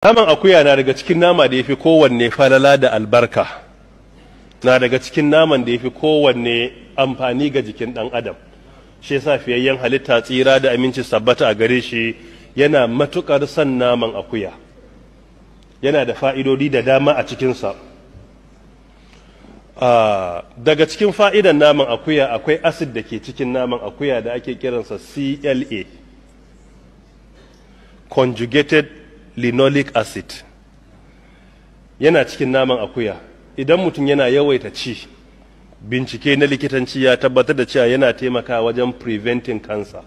naman akuya na daga cikin nama da ya fi kowanne falala da albarka na daga cikin naman da ya fi kowanne amfani ga jikin ɗan adam shi yasa fiyayyen halitta tsira da aminci sabbata a gare shi yana matukar son naman akuya yana da fa'idodi da dama a cikinsa ah, daga cikin fa'idan naman akuya akwai asid da ke cikin naman akuya da ake kiransa cla conjugated linoleic acid yana cikin naman akuya idan mutum yana yawaita ci bincike na likitanci ya tabbatar da cewa yana taimakawa wajen preventing cancer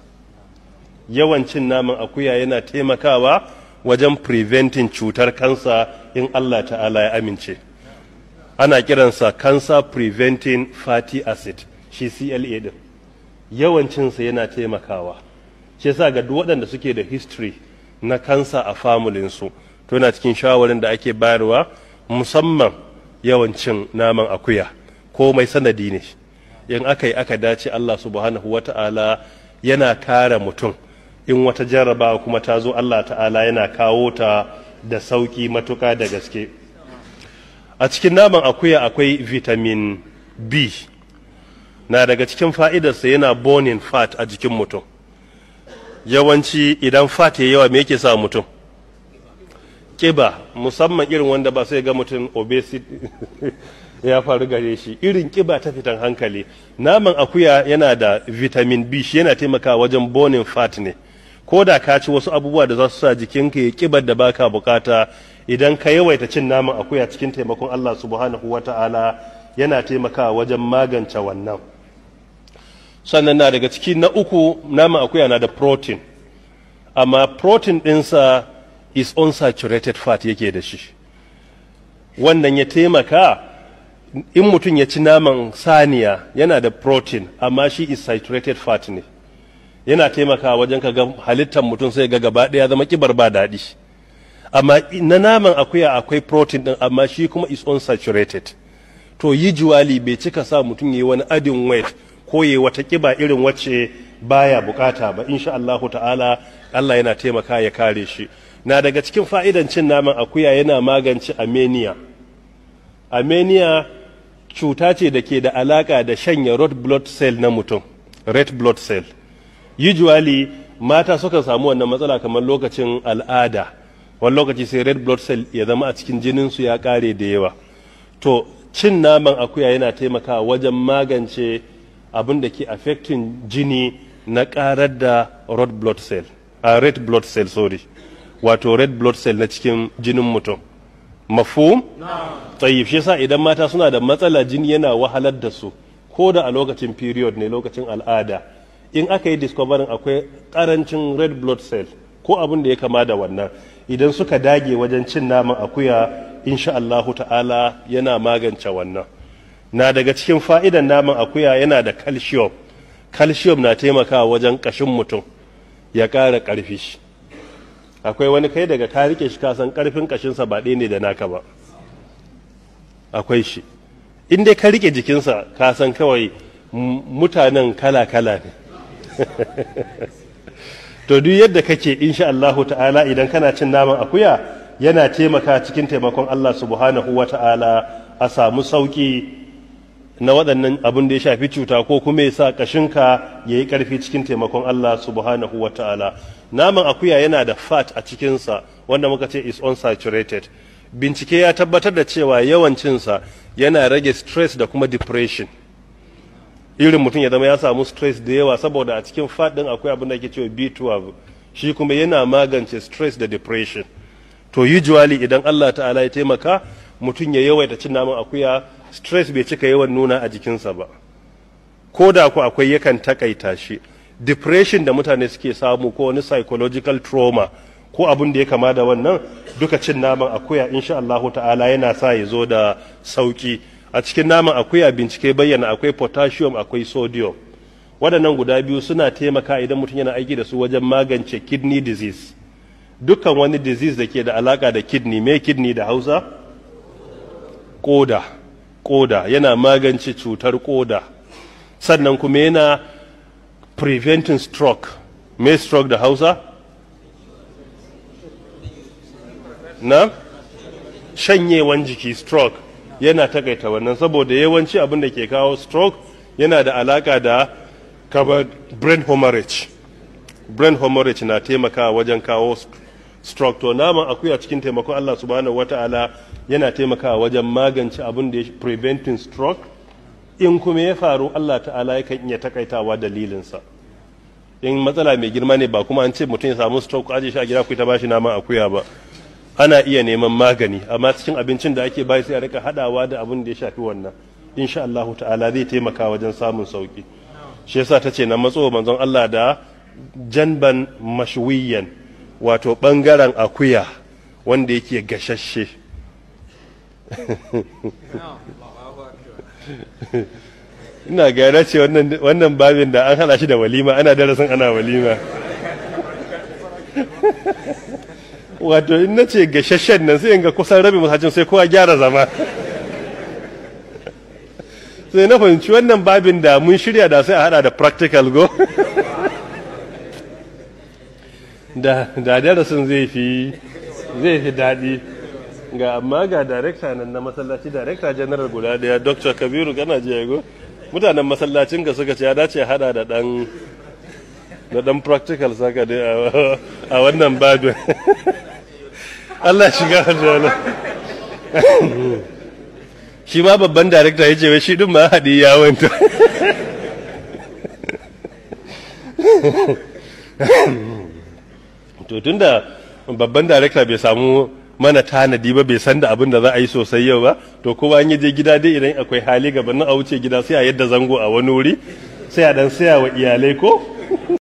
yawancin naman akuya yana taimakawa wajen preventing cutar kansa in Allah ta'ala ya amince ana kiransa cancer preventing fatty acid shi CLA din yawancinsa yana taimakawa shi yasa ga duk waɗanda suke da history na kansa a famulinsu to yana cikin shawarin da ake bayarwa musamman yawancin naman akuya ko mai sanadi ne in aka yi aka dace Allah subhanahu wa ta'ala yana kare mutum in wata jarrabawa kuma ta zo Allah ta'ala yana kawo ta da sauki matuka da gaske a cikin naman akuya akwai vitamin b na daga cikin fa'idarsa yana bonin fat a jikin mutum yawanci idan fat ya yawa me yake sa mutum kiba musamman irin wanda ba sai ga mutum obesity ya faru gare shi irin kiba ta fitan hankali naman akuya yana da vitamin b shi yana taimakawa wajen bonin fat ne ko da ka ci wasu abubuwa da za su sa jikinka ya kibar da baka bukata idan ka yawaita cin naman akuya cikin taimakon allah subhanahu wata'ala yana taimakawa wajen magance wannan sannan na daga ciki na uku naman akuya na da protein amma protein sa is unsaturated fat yake da shi wannan ya taimaka in mutum ya ci naman saniya yana da protein amma shi is saturated fat ne yana taimaka wajen ka ga halittar mutum sai ga gaba ɗaya zama kibar ba daɗi amma na naman akuya akwai protein ɗin amma shi kuma is unsaturated to yi juwali bai cika sa mutum ya yi wani adin weight koye wata kiba irin wacce baya bukata ba insha Allahu ta'ala Allah yana taimaka ya kare shi na daga cikin fa'idan cin naman akuya yana magance amenia amenia cuta ce da ke da alaka da shanya red blood cell na mutum red blood cell usually mata suka samu wannan matsala kamar lokacin al'ada wani lokaci sai red blood cell ya zama a cikin jinin su ya kare da yawa to cin naman akuya yana taimaka wajen magance abin da ke affecting jini na karar da red blood cell a red blood cell sorry wato red blood cell na cikin jinin mutum mafhum tayyib shi yasa idan mata suna da matsala jini yana wahalar da su ko da a lokacin period ne lokacin al'ada in aka yi discovering akwai karancin red blood cell ko abin da ya kama da wannan idan suka dage wajen cin naman akuya insha Allahu ta'ala yana magance wannan na daga cikin fa'idan naman akuya yana da calcium calcium na taimakawa wajen kashin mutum ya ƙara ƙarfi akwai wani kai daga ka rike shi kasan ƙarfin kashinsa ba ɗaya ne da naka ba akwai shi in dai ka rike jikinsa kasan kawai mutanen kala-kala ne to duk yadda kake insha Allahu ta'ala idan kana cin naman akuya yana taimaka cikin taimakon Allah subhanahu wa ta'ala a samu sauki na waɗannan abin da ya shafi cuta ko kuma ya sa ƙashinka ya yi ƙarfi cikin taimakon Allah subhanahu wa ta'ala naman akuya yana da fat a cikinsa wanda muka ce is unsaturated bincike ya tabbatar da cewa yawancinsa yana rage stress da kuma depression irin mutum ya zama ya samu stress da yawa saboda a cikin fat ɗin akwai abin da ake cewa b12 shi kuma yana magance stress da depression to usually idan Allah ta'ala ya taimaka mutum ya yawaita cin naman akuya stress bai cika yawan nuna a jikinsa ba ko da ku akwai yakan takaita shi depression da mutane suke samu ko wani psychological trauma ko abin da ya kama da wannan duka cin naman akuya insha Allah ta'ala yana sa ya zo da sauki a cikin naman akuya bincike bayyana akwai potassium akwai sodium waɗannan guda biyu suna taimaka idan mutum yana aiki da su wajen magance kidney disease dukkan wani disease da ke da alaka da kidney me kidney da hausa koda koda yana magance cutar koda sannan kuma yana preventing stroke mai stroke da hausa na shanyewan jiki stroke yana takaita wannan saboda yawanci abin da ke kawo stroke yana da alaka da kamar brain hemorrhage brain hemorrhage na taimaka wajen kawo stroke to naman akuya cikin taimakon Allah subhanahu wata'ala yana taimakawa wajen magance abin da ya preventing stroke in kuma ya faru Allah ta'ala yakan iya takaitawa dalilinsa in matsala mai girma ne ba kuma an ce mutum ya samu stroke aje shi a gida ku ta bashi naman akuya ba ana iya neman magani amma cikin abincin da ake bai sai a rika hadawa da abin da ya shafi wannan insha Allah ta'ala zai taimaka wajen samun sauki shi yasa tace na matso manzon Allah da janban mashwiyan wato ɓangaren akuya wanda yake gashashe ina gane ce wannan babin da an hana shi da walima ana darasin ana walima wato in na ce gashashen nan sai yanga ga kusan rabin masajin sai kowa gyara zama sai na fahimci wannan babin da mun shirya da sai a hada da practical go da darasin zai fi zai fi daɗi ga amma ga darekta nan na masallaci darekta janaral guda daya dr kabiru kana jego mutanen masallacin ka suka ce ya dace hada da dan da dan practical saka dai a wannan babin Allah shiga aljanna shi ma babban darekta ya ce wai shi din ma haɗi ya wanta to tunda babban darekta bai samu mana tanadi ba bai san da abin da za a yi sosai yau ba to kowa an je gida dai idan akwai hali gabanin a wuce gida sai a yadda zango a wani wuri sai a dan saya wa iyalai ko